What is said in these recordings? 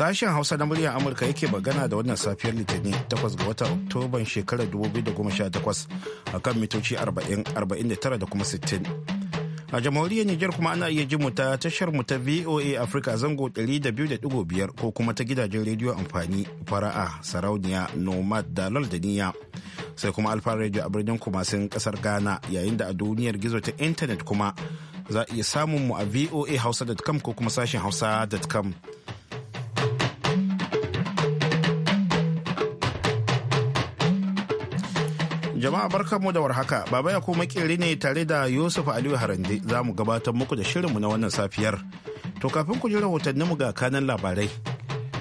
Sashen Hausa na muryar Amurka yake magana da wannan safiyar Litinin 8 ga watan Oktoban shekarar 2018 a kan mitoci 49 da kuma 60. A jamhuriyar Nijar kuma ana iya jin mu ta tashar mu ta VOA Africa zango 200.5 ko kuma ta gidajen rediyo amfani fara'a sarauniya nomad da niya sai kuma alfa radio a birnin kumasin kasar Ghana yayin da a duniyar gizo ta intanet kuma za a iya samun mu a voa hausa.com ko kuma sashen hausa.com Jama'a barkanmu da warhaka, Baba ya kuma kiri ne tare da Yusuf Aliyu Harande za mu gabatar muku da shirinmu na wannan safiyar. To kafin ku ji rahotanninmu ga kanan labarai.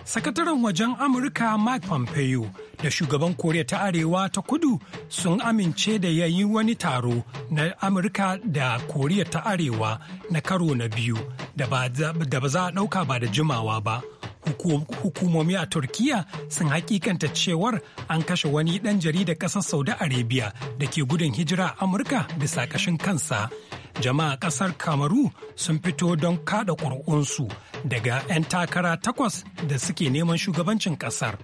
Sakataren wajen Amurka Mike Pompeo da shugaban Koriya ta Arewa ta kudu sun amince da yayi wani taro na Amurka da Koriya ta Arewa na karo na biyu da ba za a ɗauka ba da jimawa ba. hukumomi a Turkiyya sun hakikanta cewar an kashe wani ɗan jarida ƙasar saudi arabia da ke gudun hijira a amurka bisa ƙashin kansa jama'a ƙasar kamaru sun fito don kada ƙuri'unsu daga 'yan takara takwas da suke neman shugabancin ƙasar.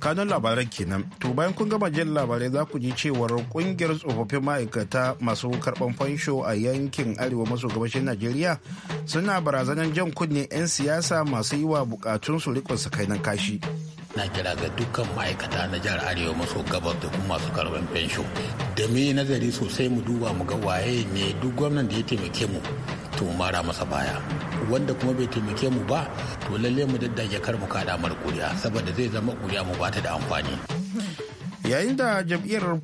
kanun labaran kenan to bayan kun gama jin labarai za ku ji cewar kungiyar tsofaffin ma'aikata masu karban fansho a yankin arewa maso gabashin najeriya suna barazanar jan kunne 'yan siyasa masu yi wa su rikon sakainan kashi na kira ga dukkan ma'aikata na jihar arewa maso gabas da kuma masu karban fensho da mu nazari sosai mu duba mu ga waye ne duk gwamnan da ya taimake mu to mu mara masa baya wanda kuma bai taimake mu ba to lalle mu daddage kar mu kada mar kuriya saboda zai zama kuriya mu bata da amfani yayin da jam'iyyar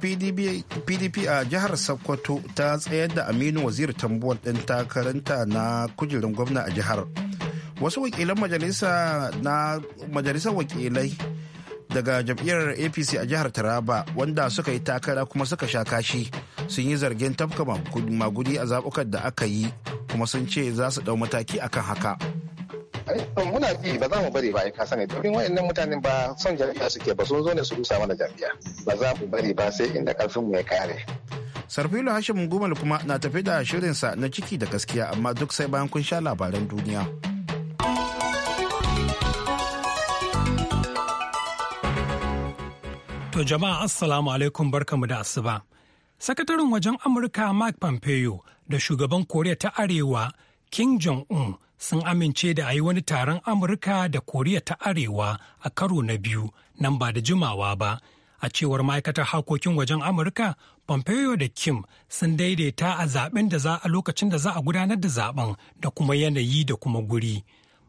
pdp a jihar sokoto ta tsayar da aminu wazir tambuwar ɗin takaranta na kujerun gwamna a jihar wasu wakilan majalisa na majalisar wakilai daga jam'iyyar apc a jihar taraba wanda suka yi takara kuma suka sha kashi sun yi zargin tafka magudi a zabukan da aka yi kuma sun ce za su dau mataki akan haka muna bi ba za mu bari ba ka sani domin wayannan mutanen ba son jam'iyya suke ba sun zo ne su rusa mana jam'iyya ba za mu bari ba sai inda karfin mu ya kare sarfilo hashim gumal kuma na tafi da shirinsa na ciki da gaskiya amma duk sai bayan kun sha labaran duniya. To jama'a assalamu alaikum barkamu da asuba. Sakataren wajen Amurka Mike Pompeo da shugaban Koriya ta Arewa Kim Jong-un sun amince da a yi wani taron Amurka da Koriya ta Arewa a karo na biyu nan ba da jimawa ba. A cewar ma'aikatar harkokin wajen Amurka, Pompeo da Kim sun daidaita a zaben da za a lokacin da za a gudanar da zaben da kuma yanayi da kuma guri.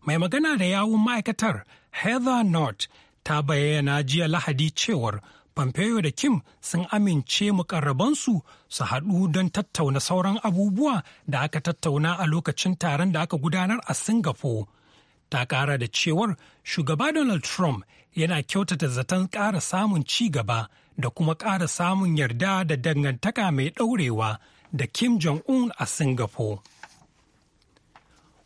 Mai magana da yawun ma'aikatar Heather North ta bayyana jiya Lahadi cewar Pompeo da Kim sun amince mukarrabansu su haɗu don tattauna sauran abubuwa da aka tattauna a lokacin taron da aka gudanar a Singapore. Ta ƙara da cewar shugaba Donald Trump yana kyautata zaton ƙara samun ci gaba da kuma ƙara samun yarda da dangantaka mai ɗaurewa da Kim Jong-un a Singapore.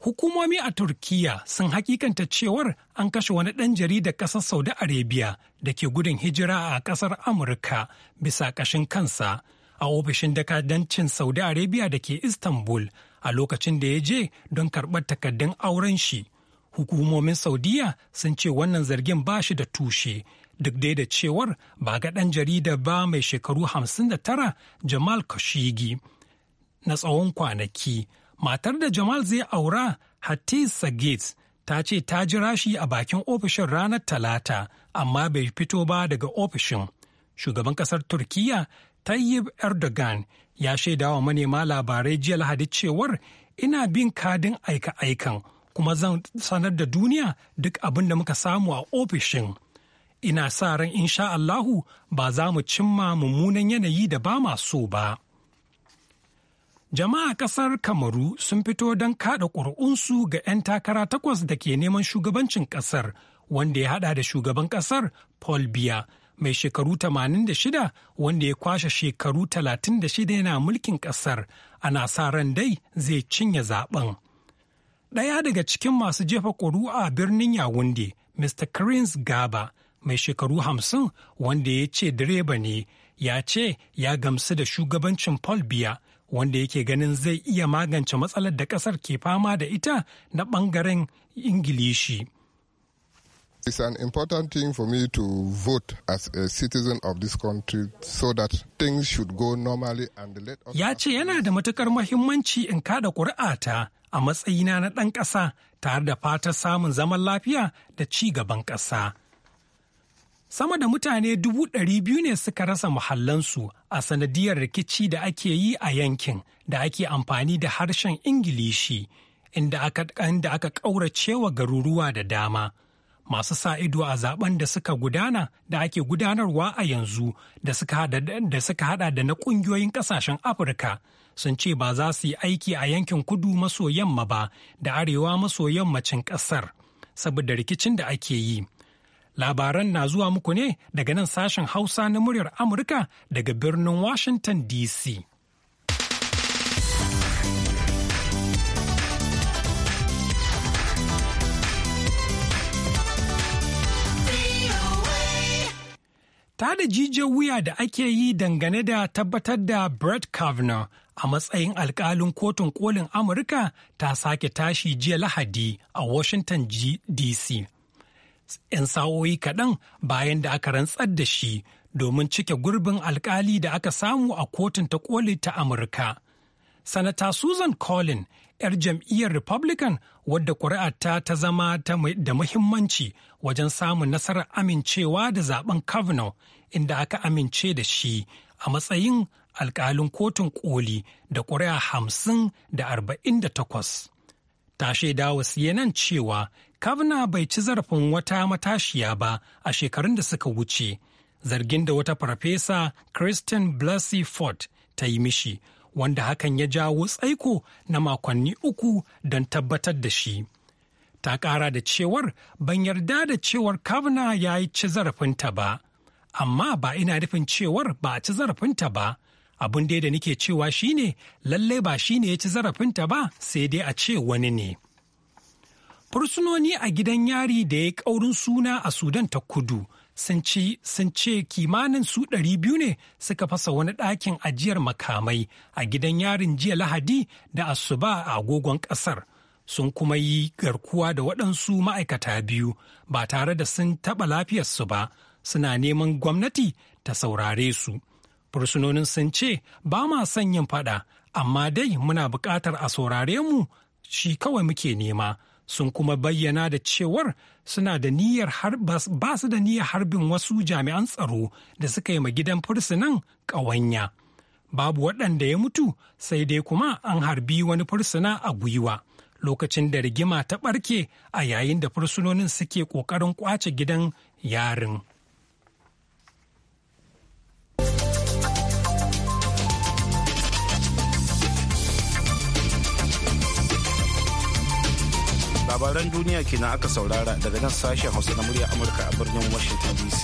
Hukumomi a Turkiyya sun hakikanta cewar an kashe wani ɗan jarida ƙasar Saudi Arabia da ke gudun hijira a ƙasar Amurka bisa ƙashin kansa a ofishin dakadancin Saudi Arabia da ke Istanbul a lokacin da ya je don karɓar takaddun auren shi. Hukumomin Saudiya sun ce wannan zargin ba shi da tushe. duk dai da cewar ba ga ɗan jarida ba mai shekaru 59 Jamal Khashoggi na tsawon kwanaki matar da Jamal zai aura Hatisa Gates ta ce ta jira shi a bakin ofishin ranar Talata amma bai fito ba daga ofishin. Shugaban kasar Turkiyya Tayyip Erdogan ya shaidawa manema labarai jiya Lahadi cewar ina bin kadin aika-aikan kuma zan sanar da duniya duk abin da muka samu a ofishin. Ina sa ran insha Allahu ba za mu cimma mummunan yanayi da ba so ba. Jama'a kasar Kamaru sun fito don kada ƙuri'unsu ga 'yan takara takwas da ke neman shugabancin kasar wanda ya hada da shugaban kasar Paul Biya mai shekaru 86 wanda ya kwashe shekaru 36 yana mulkin kasar ana sa ran dai zai cinye zaben. Ɗaya daga cikin masu jefa ƙuri'a birnin Yawunde, Mr. Karins Gaba, mai shekaru 50 wanda ya ce direba ne, ya ce ya gamsu da shugabancin Paul Biya. wanda yake ganin zai iya magance matsalar da kasar ke fama da ita na bangaren ingilishi. It's an important thing for me to vote as a citizen of this country so that things should go normally and let us... Ya ce yana da matukar mahimmanci in kada ƙuri'ata a matsayina na ɗan ƙasa tare da fatar samun zaman lafiya da ci gaban ƙasa. sama da mutane dubu ɗari biyu ne suka rasa muhallansu a sanadiyar rikici da ake yi a yankin da ake amfani da harshen ingilishi inda aka inda aka ƙauracewa garuruwa da dama masu sa ido a zaben da suka gudana da ake gudanarwa a yanzu da suka hada da na ƙungiyoyin ƙasashen afirka sun ce ba za su yi aiki a yankin kudu maso yamma ba da arewa maso yammacin ƙasar saboda rikicin da ake yi Labaran na zuwa muku ne daga nan sashen Hausa na muryar Amurka daga birnin Washington DC. ta da jijiyar wuya da ake yi dangane da tabbatar da Brett Kavanaugh a matsayin alkalin kotun kolin Amurka ta sake tashi jiya Lahadi a Washington DC. 'yan sa'o'i kaɗan bayan da aka rantsar da shi domin cike gurbin alkali da aka samu a kotun ta koli ta Amurka. Sanata Susan Collin, 'yar jam'iyyar Republican wadda ƙuri'arta ta zama da muhimmanci wajen samun nasarar amincewa da zaben Kavanaugh inda aka amince da shi a matsayin alkalin kotun koli da ƙuri'a hamsin da arba'in da takwas. Ta shaida wa CNN cewa kavna bai ci zarafin wata matashiya ba a shekarun da suka wuce zargin da wata farfesa christian blasey ford ta yi mishi wanda hakan ya jawo tsaiko na makonni uku don tabbatar da shi ta kara da cewar ban yarda da cewar kavna ya yi ci zarafinta ba amma ba ina nufin cewar ba a ci zarafinta ba abin da nike cewa shine lallai ba shine ya ci zarafinta ba sai dai a ce wani ne. Fursunoni a gidan yari da ya ƙaurin suna a Sudan ta kudu sun ce kimanin su ɗari biyu ne suka fasa wani ɗakin ajiyar makamai a gidan yarin jiya Lahadi da Asuba a agogon ƙasar. Sun kuma yi garkuwa da waɗansu ma'aikata biyu ba tare da sun taɓa lafiyarsu ba suna neman gwamnati ta saurare su. Fursunonin sun ce ba ma son yin faɗa amma dai muna buƙatar a saurare mu shi kawai muke nema. sun kuma bayyana da cewar suna da niyyar ba su da niyyar harbin wasu jami'an tsaro da suka yi ma gidan fursunan ƙawanya. Babu waɗanda ya mutu sai dai kuma an harbi wani fursuna a gwiwa lokacin da rigima ta ɓarke a yayin da fursunonin suke ƙoƙarin ƙwace gidan yarin. labaran duniya kenan aka saurara daga nan sashen hausa na murya amurka a birnin washington dc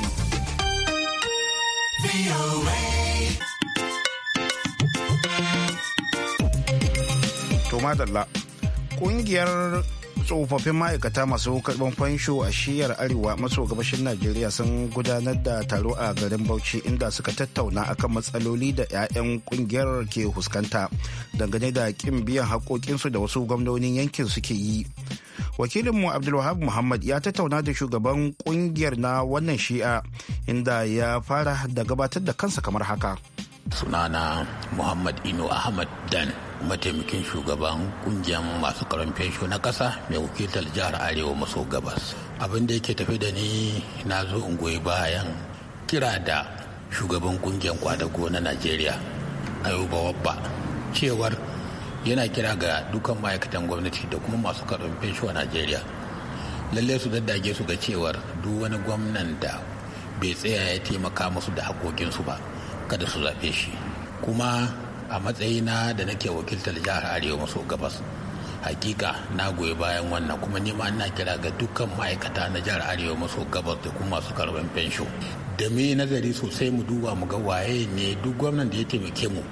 to madalla kungiyar tsofaffin ma'aikata masu karban fansho a shiyar arewa maso gabashin najeriya sun gudanar da taro a garin bauchi inda suka tattauna akan matsaloli da 'ya'yan kungiyar ke fuskanta dangane da kin biyan haƙoƙinsu da wasu gwamnonin yankin suke yi wakilinmu abdulwahab muhammad ya tattauna da shugaban kungiyar na wannan shi'a inda ya fara da gabatar da kansa kamar haka sunana muhammad inu ahmad dan mataimakin shugaban kungiyar masu karon fesho na kasa mai wakiltar jihar arewa maso gabas abin da yake tafi da ni na zo in goyi bayan kira da shugaban kungiyar kwadago na najeriya ayuba wabba cewar yana kira ga dukan ma'aikatan gwamnati da kuma masu karɓar fensho a najeriya lalle su daddage su ga cewar duk wani gwamnan da bai tsaya ya taimaka musu da haƙoƙinsu ba kada su zafe shi kuma a matsayina da nake wakiltar jihar arewa maso gabas hakika na goyi bayan wannan kuma nima ina kira ga dukkan ma'aikata na jihar arewa maso gabas da kuma masu karɓar fensho da me nazari sosai mu duba mu ga waye ne duk gwamnan da ya taimake mu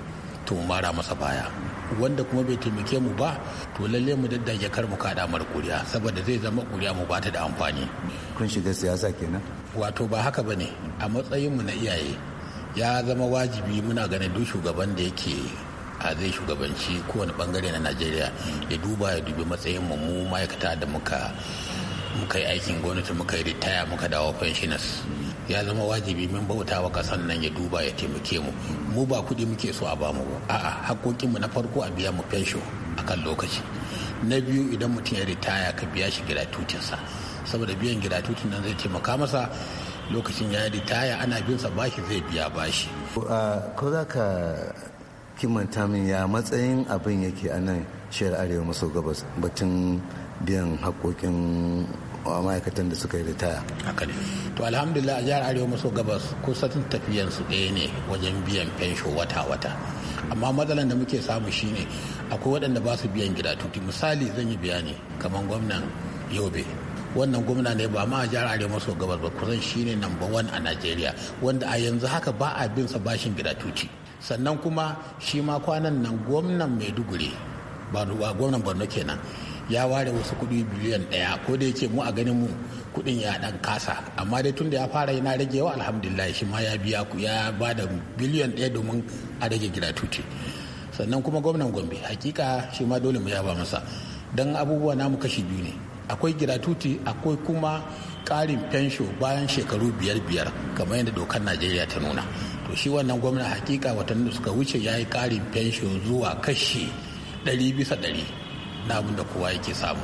to mara masa baya wanda kuma bai taimake mu ba to lalle mu daddage kar mu kada mar kuriya saboda zai zama kuriya mu bata da amfani kun shiga siyasa kenan wato ba haka ba ne a matsayin mu na iyaye ya zama wajibi muna ganin duk shugaban da yake a zai shugabanci kowane bangare na najeriya ya duba ya dubi matsayin mu mu ma'aikata da muka muka yi aikin gwamnati muka yi ritaya muka dawo pensioners ya zama wajibi min bauta wa kasan nan ya duba ya taimake mu mu ba kuɗi muke so a bamu ba a'a mu na farko a biya mu pension akan lokaci na biyu idan mutum ya ritaya ka biya shi sa saboda biyan giratutin nan zai taimaka masa lokacin ya ritaya ana bin sa bashi zai biya bashi ko za ka kimanta min ya matsayin abin yake a nan shiyar arewa maso gabas batun biyan hakokin Wa ma'aikatan da suka yi ritaya haka ne to alhamdulillah a jihar arewa maso gabas kusan tafiyan su ɗaya ne wajen biyan fensho wata wata amma matsalan da muke samu shine akwai waɗanda ba su biyan gida tuti misali zan yi bayani kamar gwamnan yobe wannan gwamna ne ba ma a jihar arewa maso gabas ba kusan shine number one a najeriya wanda a yanzu haka ba a bin sa bashin gida tuti sannan kuma shi ma kwanan nan gwamnan maiduguri ba gwamnan borno kenan ya ware wasu kuɗi biliyan daya ko da yake mu a ganin mu kuɗin ya ɗan kasa amma dai tun da ya fara yana ragewa alhamdulillah shi ma ya biya ku ya ba da biliyan ɗaya domin a rage tuti. sannan kuma gwamnan gombe hakika shi ma dole mu ba masa dan abubuwa namu kashi biyu ne akwai tuti akwai kuma karin fensho bayan shekaru biyar biyar kamar yadda dokar najeriya ta nuna to shi wannan gwamnan hakika watanni da suka wuce ya yi karin fensho zuwa kashi ɗari bisa ɗari na da kowa yake samu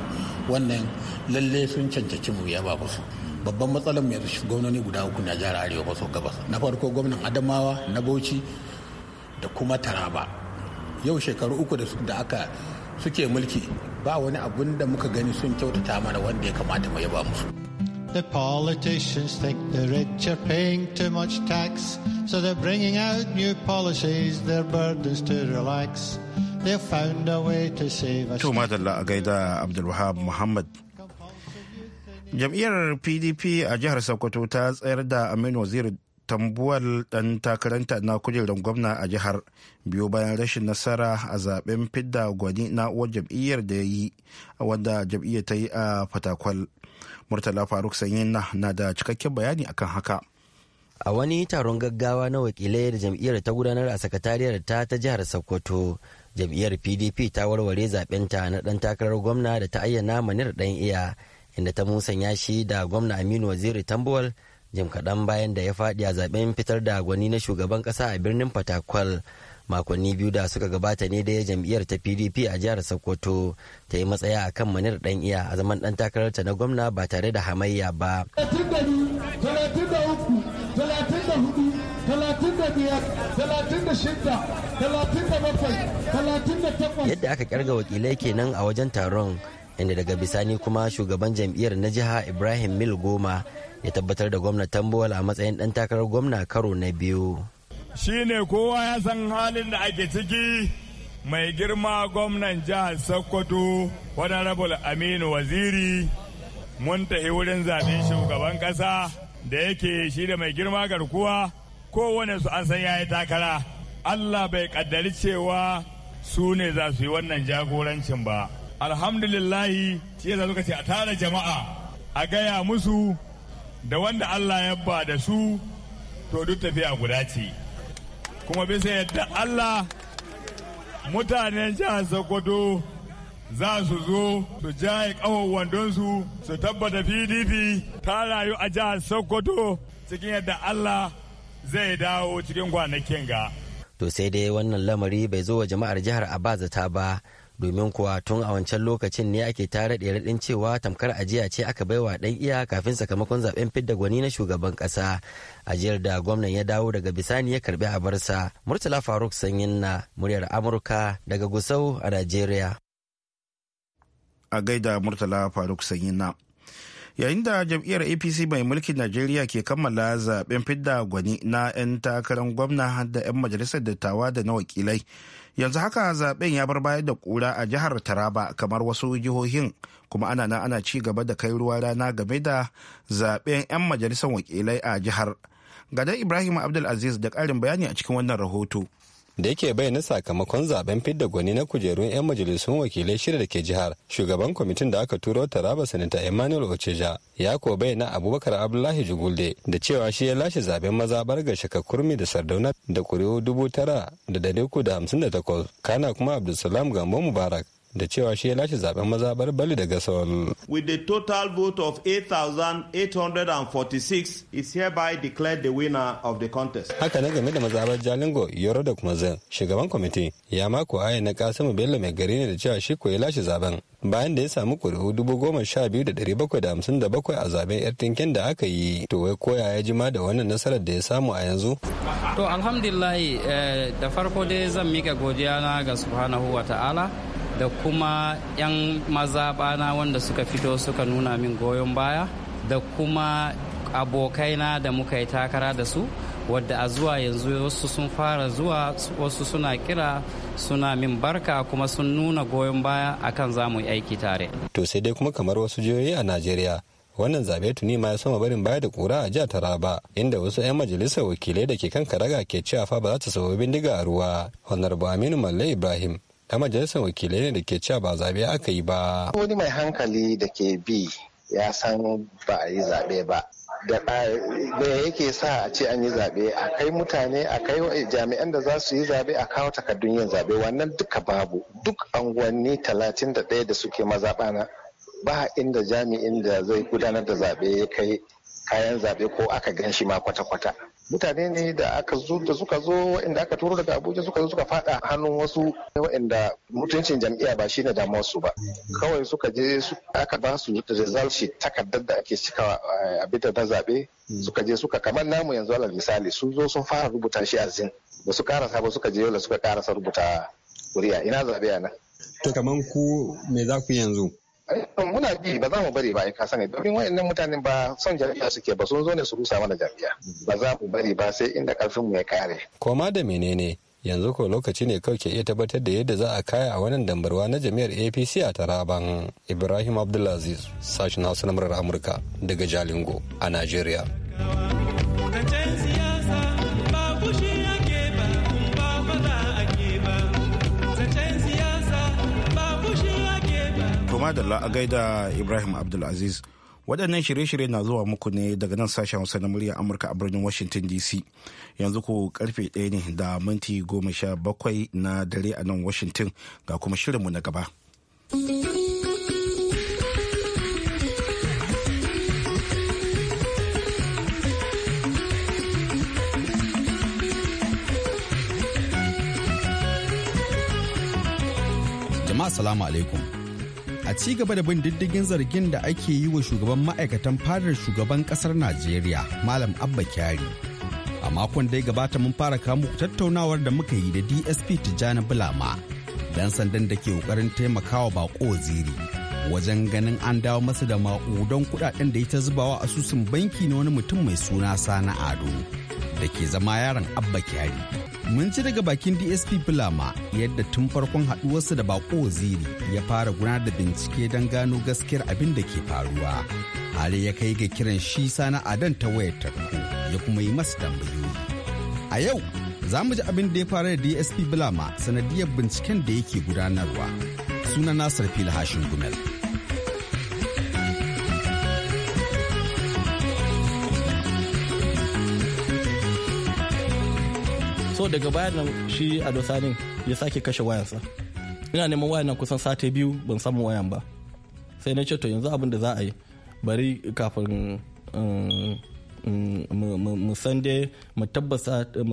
wannan lalle sun cancanci mu ya ba su babban matsalar mai gwamnoni guda uku na jihar arewa maso gabas na farko gwamnan adamawa na bauchi da kuma taraba yau shekaru uku da aka suke mulki ba wani abun da muka gani sun kyautata mana wanda ya kamata mu yaba musu The politicians think the rich are paying too much tax, so they're bringing out new policies, their burdens to relax. they to madalla a gaida Abdulwahab Muhammad. Jam'iyyar PDP a jihar Sokoto ta tsayar da Aminu Waziri tambuwal dan takaranta na kujerar gwamna a jihar biyu bayan rashin nasara a zaben fidda gwani na uwar jam'iyyar da ya yi wadda jam'iyyar ta yi a fatakwal murtala faruk sanyin na da cikakken bayani akan haka a wani taron gaggawa na wakilai da jam'iyyar ta gudanar a sakatariyar ta ta jihar sokoto jam'iyyar pdp ta warware ta na ɗan takarar gwamna da ta ayyana manir ɗan iya inda ta musanya shi da gwamna aminu waziri tambuwal jim kaɗan bayan da ya faɗi a zaɓen fitar da gwani na shugaban ƙasa a birnin fatakwal makonni biyu da suka gabata ne da ya jam'iyyar ta pdp a jihar sokoto ta yi matsaya a akan manir ɗan iya a zaman ɗan takararta na gwamna ba tare da hamayya ba. yadda aka kirga wakilai kenan a wajen taron inda daga bisani kuma shugaban jam'iyyar na jiha ibrahim mil goma ya tabbatar da gwamna tambuwal a matsayin dan takarar gwamna karo na biyu shine kowa ya san halin da ake ciki mai girma gwamnan jihar sokoto honorable aminu waziri mun tafi wurin zaben shugaban kasa da yake shi da mai girma garkuwa kowane su an san yayi takara Allah bai kaddari cewa su ne za su yi wannan jagorancin ba alhamdulillahi shi za suka ce a tara jama'a a gaya musu da wanda Allah ya ba da su to duk tafiya guda ce kuma bisa yadda Allah mutanen jihar Sokoto za su zo su jaye ƙawon wandonsu su tabbata pdp ta rayu a jihar sokoto cikin yadda allah zai dawo cikin kwanakin ga. To sai dai wannan lamari bai zo wa jama'ar jihar Abazata ba domin kuwa tun a wancan lokacin ne ake tare da raɗin cewa tamkar ajiya ce aka baiwa ɗan iya kafin sakamakon zaben fidda gwani na shugaban ƙasa ajiyar da gwamnan ya dawo daga bisani ya karbi a barsa murtala faruk sanyin na muryar amurka daga gusau a najeriya a gaida murtala faruk sanyin na yayin da jam'iyyar apc mai mulkin najeriya ke kammala zaben fidda gwani na 'yan takarar gwamna da 'yan majalisar dattawa da na wakilai yanzu haka zaben ya bar bayar da kura a jihar taraba kamar wasu jihohin kuma ana nan ana ci gaba da kai ruwa rana game da zaben 'yan majalisar wakilai a jihar gadar ibrahim abdulaziz da ƙarin bayani a cikin wannan rahoto da yake bayyana sakamakon zaben fidda gwani na kujerun 'yan majalisun wakilai shirya da ke jihar shugaban kwamitin da aka turo taraba sanata emmanuel ocheja ya ko bayyana abubakar abdullahi jugulde da cewa shi ya lashe zaben mazabar ga kurmi da sardauna da kuri'u dubu tara da dari uku da hamsin da takwas kana kuma abdulsalam gambo mubarak da cewa shi ya lashe zaben mazabar bali daga gasol. With the total vote of 8,846 is hereby declared the winner of the contest. Haka na game da mazabar Jalingo Yoro da kuma zan shugaban kwamiti ya mako aya na Kasimu Bello mai gari ne da cewa shi ko ya lashe zaben bayan da ya samu kuri'u dubu goma sha biyu da ɗari bakwai da hamsin da bakwai a zaben yar tinkin da aka yi to wai koya ya jima da wannan nasarar da ya samu a yanzu. To alhamdulillah eh, da farko dai zan mika godiya na ga subhanahu wa ta'ala da kuma 'yan maza bana wanda suka fito suka nuna min goyon baya da kuma abokaina da muka yi takara da su wadda a zuwa yanzu wasu sun fara zuwa wasu suna kira suna min barka kuma sun nuna goyon baya akan za mu yi aiki tare. To sai dai kuma kamar wasu jihohi a Najeriya wannan zabe tuni ma ya sama barin baya da kura a jihar Taraba inda wasu 'yan majalisar wakilai da ke kan karaga ke cewa fa ba za ta sababi bindiga a ruwa. Honorable Aminu Malle Ibrahim 'yan majalisar wakilai ne da ke cewa ba zaɓe aka yi ba. Wani mai hankali da ke bi ya san ba a yi zaɓe ba. Da yake sa a ce an yi zaɓe a kai mutane a kai jami'an da za su yi zaɓe a kawo takardun yin zaɓe wannan duka babu duk unguwanni talatin da ɗaya da suke maza bana ba inda jami'in da zai gudanar da zaɓe ya kai kayan zaɓe ko aka gan shi ma kwata-kwata. mutane ne da aka zo da suka zo wa'inda aka turo daga abuja suka zo suka fada hannun wasu waɗanda mutuncin jam'iyya ba shine da su ba kawai suka je aka ba su result sheet takardar da ake cika eh, a bita ta zaɓe suka je suka kamar namu yanzu alal misali sun zo sun fara rubuta shi a zin ba su karasa ba suka je yau suka karasa rubuta kuri'a ina zaɓe a nan. to kaman ku me za ku yanzu. Eh, muna bi ba za mu bari ba ka sani domin wayannan mutanen ba son jami'a suke ba sun zo ne su rusa mana jami'a ba za mu bari ba sai inda karfin mu ya kare koma da menene yanzu ko lokaci ne kawai ke iya tabbatar da yadda za a kaya a wannan dambarwa na jami'ar apc a taraban ibrahim abdulaziz sashen hausa na murar amurka daga jalingo a najeriya madalla a gaida Ibrahim Abdulaziz. Waɗannan shirye-shirye na zuwa muku ne daga nan sashen Hausa na muryar Amurka a birnin Washington DC. Yanzu ku karfe ɗaya ne da minti goma sha bakwai na dare a nan Washington ga kuma shirinmu na gaba. jama'a salamu alaikum a ci gaba da bin diddigin zargin da ake yi wa shugaban ma'aikatan fadar shugaban kasar najeriya malam abba kyari a makon da ya gabata mun fara kamu tattaunawar da muka yi da dsp tijjani bulama dan sandan da ke kokarin taimakawa bako ziri wajen ganin an dawo masa da maƙudan kudaden da ya ta zubawa asusun banki na wani mutum mai suna sana ado da ke zama yaron abba kyari mun ci daga bakin dsp bulama yadda tun farkon haɗuwarsa da bako waziri ya fara gudanar da bincike don gano gaskiyar abin da ke faruwa hali ya kai ga kiran shi sana adan ta wayar tarko ya kuma yi masa tambayoyi a yau za mu ji abin da ya fara da dsp bulama sanadiyar binciken da yake gudanarwa suna sarfil fil hashin gumel daga bayan nan shi a dosanin ya sake kashe wayansa ina neman wayan nan kusan sati biyu ban samu wayan ba sai na ce to yanzu abin da za a yi bari kafin um, um, mu san dai mu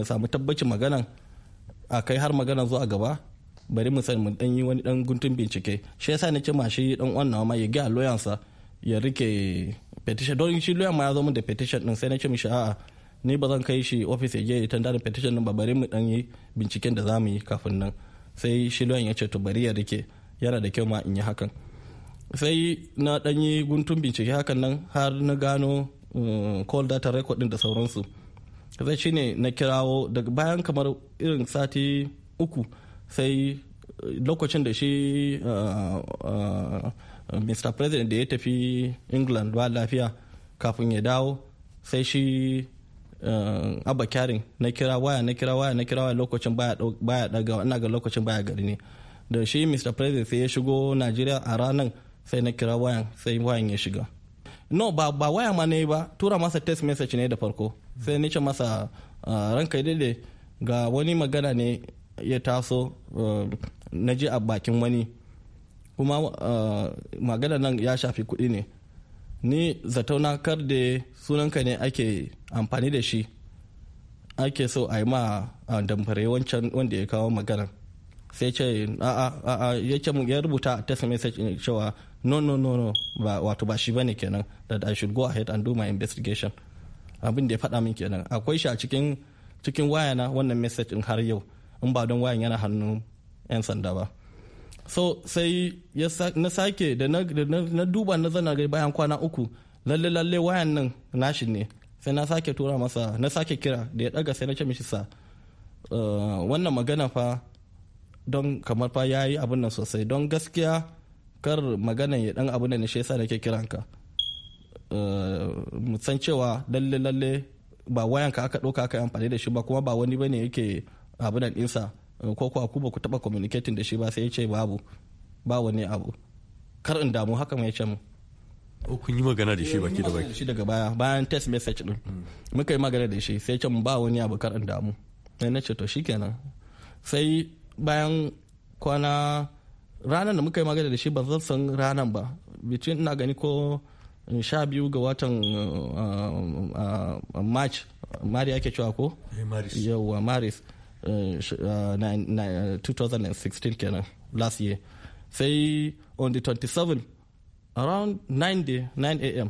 samu tabbacin maganan a kai har magana zuwa gaba bari mu sani mu dan yi wani dan guntun bincike shi yasa na ce ma shi dan wannan ma ya ga loyansa ya rike petition don shi loyan ma ya zo mun da petition din sai na ce mishi a'a ni ba zan kai shi ofis ya je ya tanda da petition nan ba bari mu dan yi binciken da zamu yi kafin nan sai shi ya ce to bari ya rike yana da kyau ma in yi hakan sai na dan yi guntun bincike hakan nan har na gano eh, call data record din da sauransu sai shine na kirawo daga bayan kamar irin sati uku sai eh, lokacin da shi eh, mr president da ya tafi england ba lafiya kafin ya dawo sai shi Eh, abba kyarin na kira waya na kira waya na kira waya lokacin baya daga ina ga lokacin baya gari ne da shi mr president sai ya shigo najeriya a ranar sai na kira wayan sai wayan ya shiga no ba waya ma ne ba tura masa text message ne da farko sai ni ce masa ah, ranka daidai ga wani magana ne ya taso eh, na ji a bakin wani kuma eh, magana nan ya shafi kuɗi ne ni na kar da sunanka ne ake amfani da shi ake so a yi ma damfare wancan wanda ya kawo magana sai ce a'a ya ce ya rubuta a test message cewa no no no no ba wato ba shi bane kenan that I should go ahead and do my investigation abin da ya faɗa min kenan akwai shi a cikin cikin wayana wannan message in har yau in ba don wayan yana hannun 'yan sanda ba so sai na sake da na duba na zana gai bayan kwana uku lalle lalle wayan nan nashi ne sai na sake tura masa na sake kira da ya daga sai na ce mishi sa ah, wannan magana fa don kamar fa yayi abin nan sosai don gaskiya kar magana ya dan abin nan shi yasa nake kiran ka ah, mu san cewa lalle lalle ba wayan ka aka ɗauka aka amfani da shi ba kuma ba wani bane yake abin nan ɗinsa Eh, ko kuwa ku ba ku taba communicating da shi ba sai ya ce babu ba wani abu kar in damu haka mai ce mu o kun yi magana da shi eh, baki da baki shi daga baya bayan test message din hmm. muka yi magana da shi sai ce mu ba wani abu kar in damu sai na ce to shikenan sai bayan kwana ranar da muka yi magana da shi ba zan san ranar ba between ina gani ko eh, sha biyu ga watan march mari ake cewa ko yawwa maris 2016 kenan last year sai on the 27 around 9 day 9 a.m.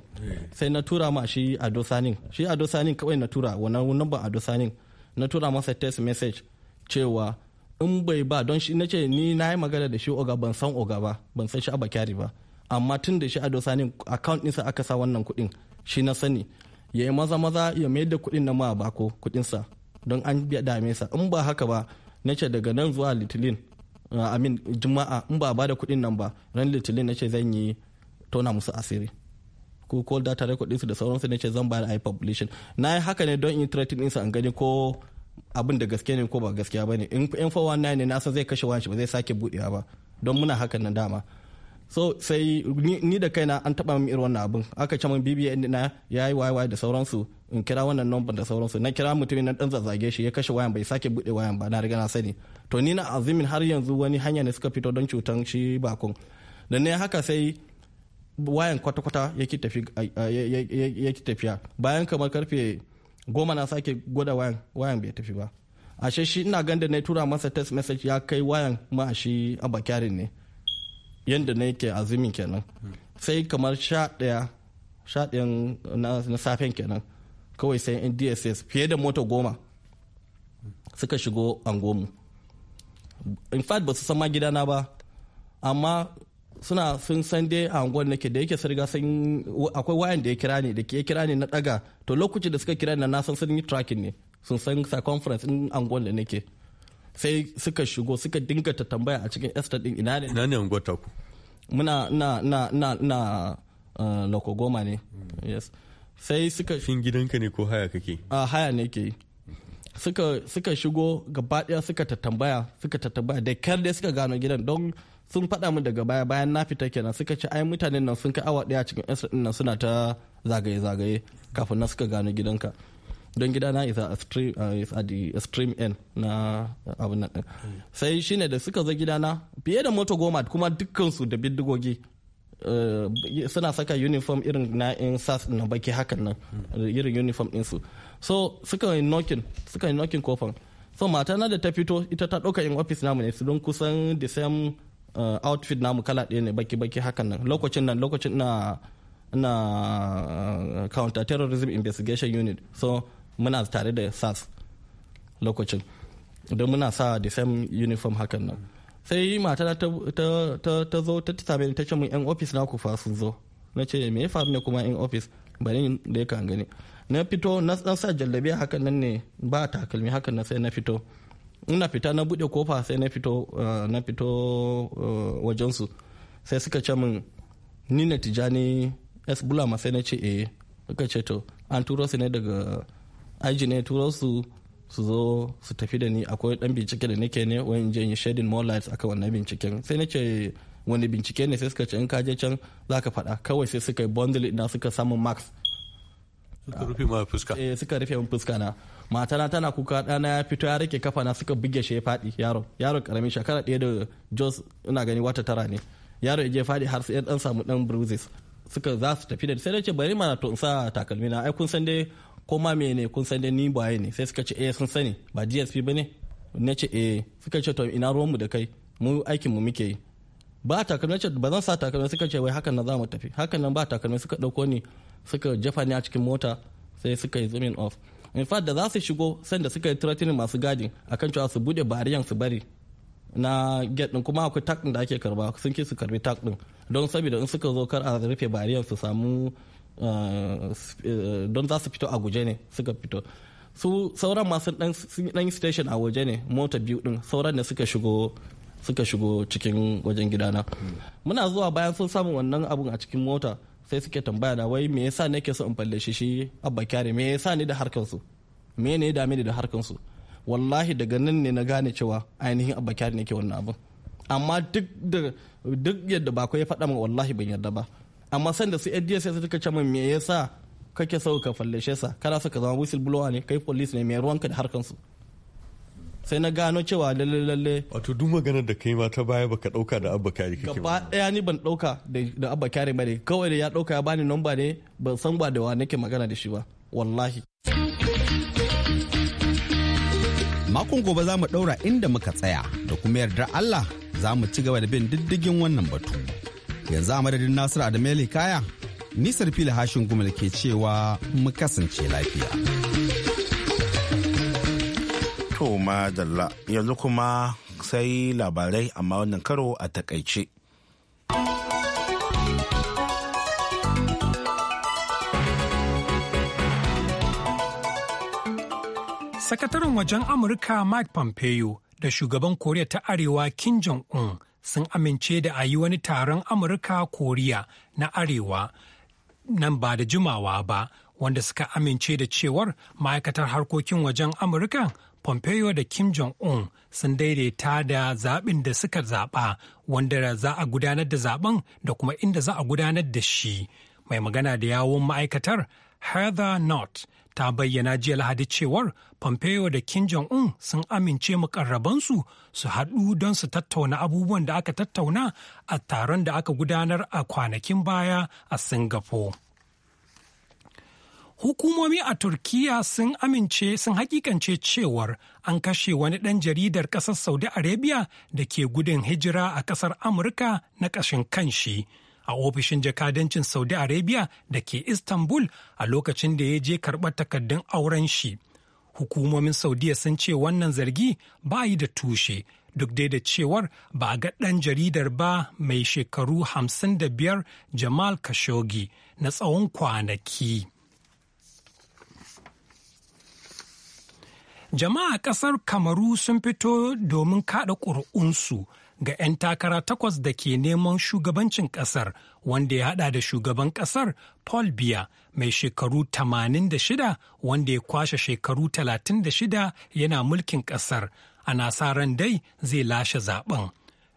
sai na tura ma shi ado sanin shi ado sanin kawai na tura wannan number ado sanin na tura masa text message cewa in bai ba don shi nace ni na yi magana da shi oga ban san oga ba ban san shi abakari ba amma tun da shi ado sanin account ɗinsa aka sa wannan kuɗin shi na sani ya yi maza maza ya mayar da kuɗin na ma bako kuɗinsa don an dame sa in ba haka ba nace daga nan zuwa litinin uh, amin juma'a in ba ba da kuɗin nan ba ran litinin nace zan yi tona musu asiri ko ko data record su da sauransu nace zan ba a ai publication na yi haka ne don in threatening su an gani ko abin da gaske ne ko ba gaskiya ba ne in yan fawa na ne na san zai kashe wani ba zai sake budewa ba don muna hakan na dama so sai ni, da kaina an taba min irin wannan abin aka ce min bbn na yayi wayewaye da sauransu in kira wannan number da sauransu na kira mutumin na dan zazzage shi ya kashe wayan bai sake bude wayan ba na riga na sani to ni na azumin har yanzu wani hanya ne suka fito don cutan shi bakon da ne haka sai wayan kwata-kwata ya ki tafiya bayan kamar karfe goma na sake gwada wayan bai tafi ba ashe shi ina da na tura masa text message ya kai wayan ma shi abakarin ne yadda na yake azumin kenan hmm. sai kamar sha daya sha na safen kenan kawai sai in dss fiye da mota goma suka shigo angomu in fact ba su san ma gidana ba amma suna sun san dai a angon nake da yake sun riga sun akwai wayan da ya kira ni da ke kira ni na daga to lokacin da suka kira ni na san sun yi tracking ne sun san circumference in angon da nake sai suka shigo suka dinga ta tambaya a cikin estate din ina ne ina ne angon ku muna na na na na eh, lokogoma ne yes sai suka shin gidanka ne ko haya kake a haya ne ke suka suka shigo gaba daya suka tattambaya suka tattambaya da kyar dai suka gano gidan don sun faɗa min daga baya bayan na fita kenan suka ce ai mutanen nan sun kai awa daya cikin yan din nan suna ta zagaye zagaye kafin na suka gano gidanka don gida na isa a uh, stream end na abin nan sai shine da suka zo gidana fiye da moto goma kuma dukkansu da bindigogi Eh, suna saka uniform irin na in sas na baki hakan nan irin uniform ɗinsu so suka yi knocking suka yi knocking kofan so mata na da ta fito ita ta ɗauka in office namu ne su don kusan the same eh, outfit namu kala ɗaya ne baki baki hakan nan lokacin nan lokacin na na eh, counter terrorism investigation unit so muna tare da sas lokacin don muna sa the same uniform hakan nan mm -hmm. sai mata ta ta zo ta same ta ce mun yan ofis na ku fa sun zo na ce me ya faru ne kuma yan ofis bari da ka gani na fito na dan sa jallabi hakan nan ne ba takalmi hakan na sai na fito ina fita na bude kofa sai na fito eh, na fito eh, wajen su sai suka ce min ni na tijani s bulama sai na ce eh suka ce to an turo su ne daga aji ne turo su su zo su tafi da ni akwai dan bincike da nake ne wani in je in shedding more lights aka wannan binciken sai nake wani bincike ne sai suka ce in ka je can za ka faɗa kawai sai suka yi bundle ina suka samu max suka rufe ma fuska eh suka rufe min fuska na matana tana kuka ɗana ya fito ya rike kafa na suka buge shi ya faɗi yaro yaro karamin shekara ɗaya da jos ina gani wata tara ne yaro ya je faɗi har sai dan samu dan bruises suka za su tafi da sai da ce bari mana to in sa takalmi na ai kun san dai ko ma me ne kun san da ni baye ne sai suka ce eh sun sani ba dsp ba ne na ce eh suka ce to ina ruwanmu da kai mu aikin mu muke yi ba takalmi ce ba zan sa takalmi suka ce wai hakan na za mu tafi hakan nan ba takalmi suka dauko ni suka jefa ni a cikin mota sai suka yi zooming off in fact da za su shigo sanda suka yi threatening masu gadi akan cewa su bude bariyan su bari na get din kuma akwai tak da ake karba sun ki su karbi tak din don saboda in suka zo kar a rufe bariyan su samu Eh, eh, don za su fito a guje ne suka fito su sauran masu dan station a waje ne mota biyu din sauran da suka shigo suka shigo cikin wajen gidana muna zuwa bayan sun samu wannan abun a cikin mota sai suke tambaya da wai me yasa nake so in fallashe shi abba kyare me yasa ni da harkan su me ne dame ni da harkan su wallahi daga nan ne na gane cewa ainihin abba kyare nake wannan abun amma duk da duk yadda ba ya faɗa min wallahi ban yarda ba amma sanda su yan sai suka ce me yasa kake so ka fallashe sa kana so ka zama whistleblower ne kai police ne mai ruwanka da harkan su sai na gano cewa lalle lalle wato duk maganar da kai ma ta baya baka dauka da abba kare kake gaba daya ni ban dauka da abba kare bane kawai da ya dauka ya bani number ne ban san ba da wa nake magana da shi ba wallahi makon gobe za mu daura inda muka tsaya da kuma yarda Allah za mu ci gaba da bin diddigin wannan batu yanzu a madadin nasiru adamele kaya nisar fili hashin gumal ke cewa mu kasance lafiya to dalla yanzu kuma sai labarai amma wannan karo a takaice sakataren wajen amurka mike pompeo da shugaban koriya ta arewa kim jong-un sun amince da a yi wani taron amurka koriya na arewa nan ba da jimawa ba wanda suka amince da cewar ma'aikatar harkokin wajen amurka pompeo da kim jong-un sun daidaita da zaɓin da suka zaɓa wanda za a gudanar da zaɓen da kuma inda za a gudanar da shi mai magana da yawon ma'aikatar heather North ta bayyana jiya lahadi cewar pompeo da kim jong-un sun amince mukarrabansu su haɗu don su tattauna abubuwan da aka tattauna a taron da aka gudanar a kwanakin baya a singapore hukumomi a turkiya sun amince sun hakikance cewar an kashe wani ɗan jaridar ƙasar saudi arabia da ke gudun hijira a ƙasar amurka na ƙashin kanshi. shi a ofishin jakadancin Saudi Arabia da ke Istanbul a lokacin da ya je karɓar takardun auren shi. Hukumomin Saudiya sun ce wannan zargi ba yi da tushe duk dai da cewar ba a ga ɗan jaridar ba mai shekaru 55 Jamal Khashoggi na tsawon kwanaki. Jama'a ƙasar Kamaru sun fito domin kaɗa ƙuri'unsu ga 'yan takara takwas da ke neman shugabancin ƙasar wanda ya haɗa da shugaban ƙasar Paul Biya mai shekaru 86 wanda ya kwashe shekaru 36 yana mulkin ƙasar. Ana sa ran dai zai lashe zaben.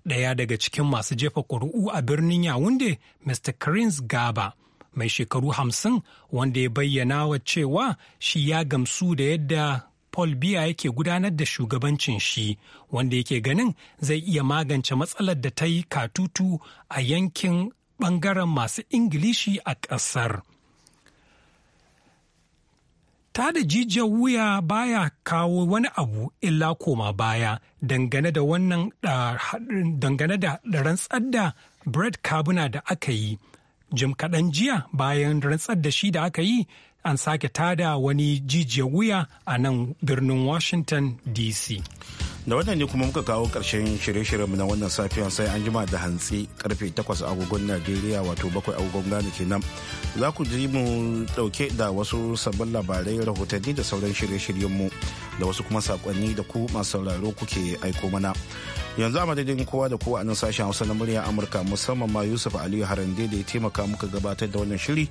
Ɗaya daga cikin masu jefa ƙuri'u a birnin Yawunde, Mr. Karins Gaba. mai shekaru hamsin wanda ya bayyana wa cewa shi ya gamsu da yadda Paul Biya yake gudanar da shugabancin shi wanda yake ganin zai iya magance matsalar da ta yi katutu a yankin bangaren masu Ingilishi a ƙasar. Ta da jijiyar wuya baya kawo wani abu illa koma baya dangane da wannan dangane da rantsar da Brett kabuna da aka yi. Jim kaɗan jiya bayan rantsar da shi da aka yi an sake tada wani jijiyar wuya a nan birnin washington dc da wannan ne kuma muka kawo karshen shirye-shiryenmu na wannan safiya sai an jima da hantsi karfe 8 agogon najeriya wato 7 agogon ghana kenan za ku ji mu dauke da wasu sabbin labarai rahotanni da sauran shirye-shiryenmu mu da wasu kuma sakonni da ku masu sauraro kuke aiko mana yanzu a madadin kowa da kowa a nan sashen hausa na murya amurka musamman ma yusuf aliyu harande da ya taimaka muka gabatar da wannan shiri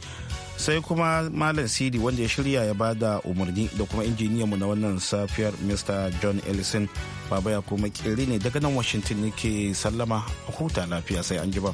sai kuma malam sidi wanda ya shirya ya bada umarni da kuma injiniyan mu na wannan safiyar mr john ellison baba ya kuma kiri ne daga nan washington ne ke sallama huta lafiya sai an ji ba.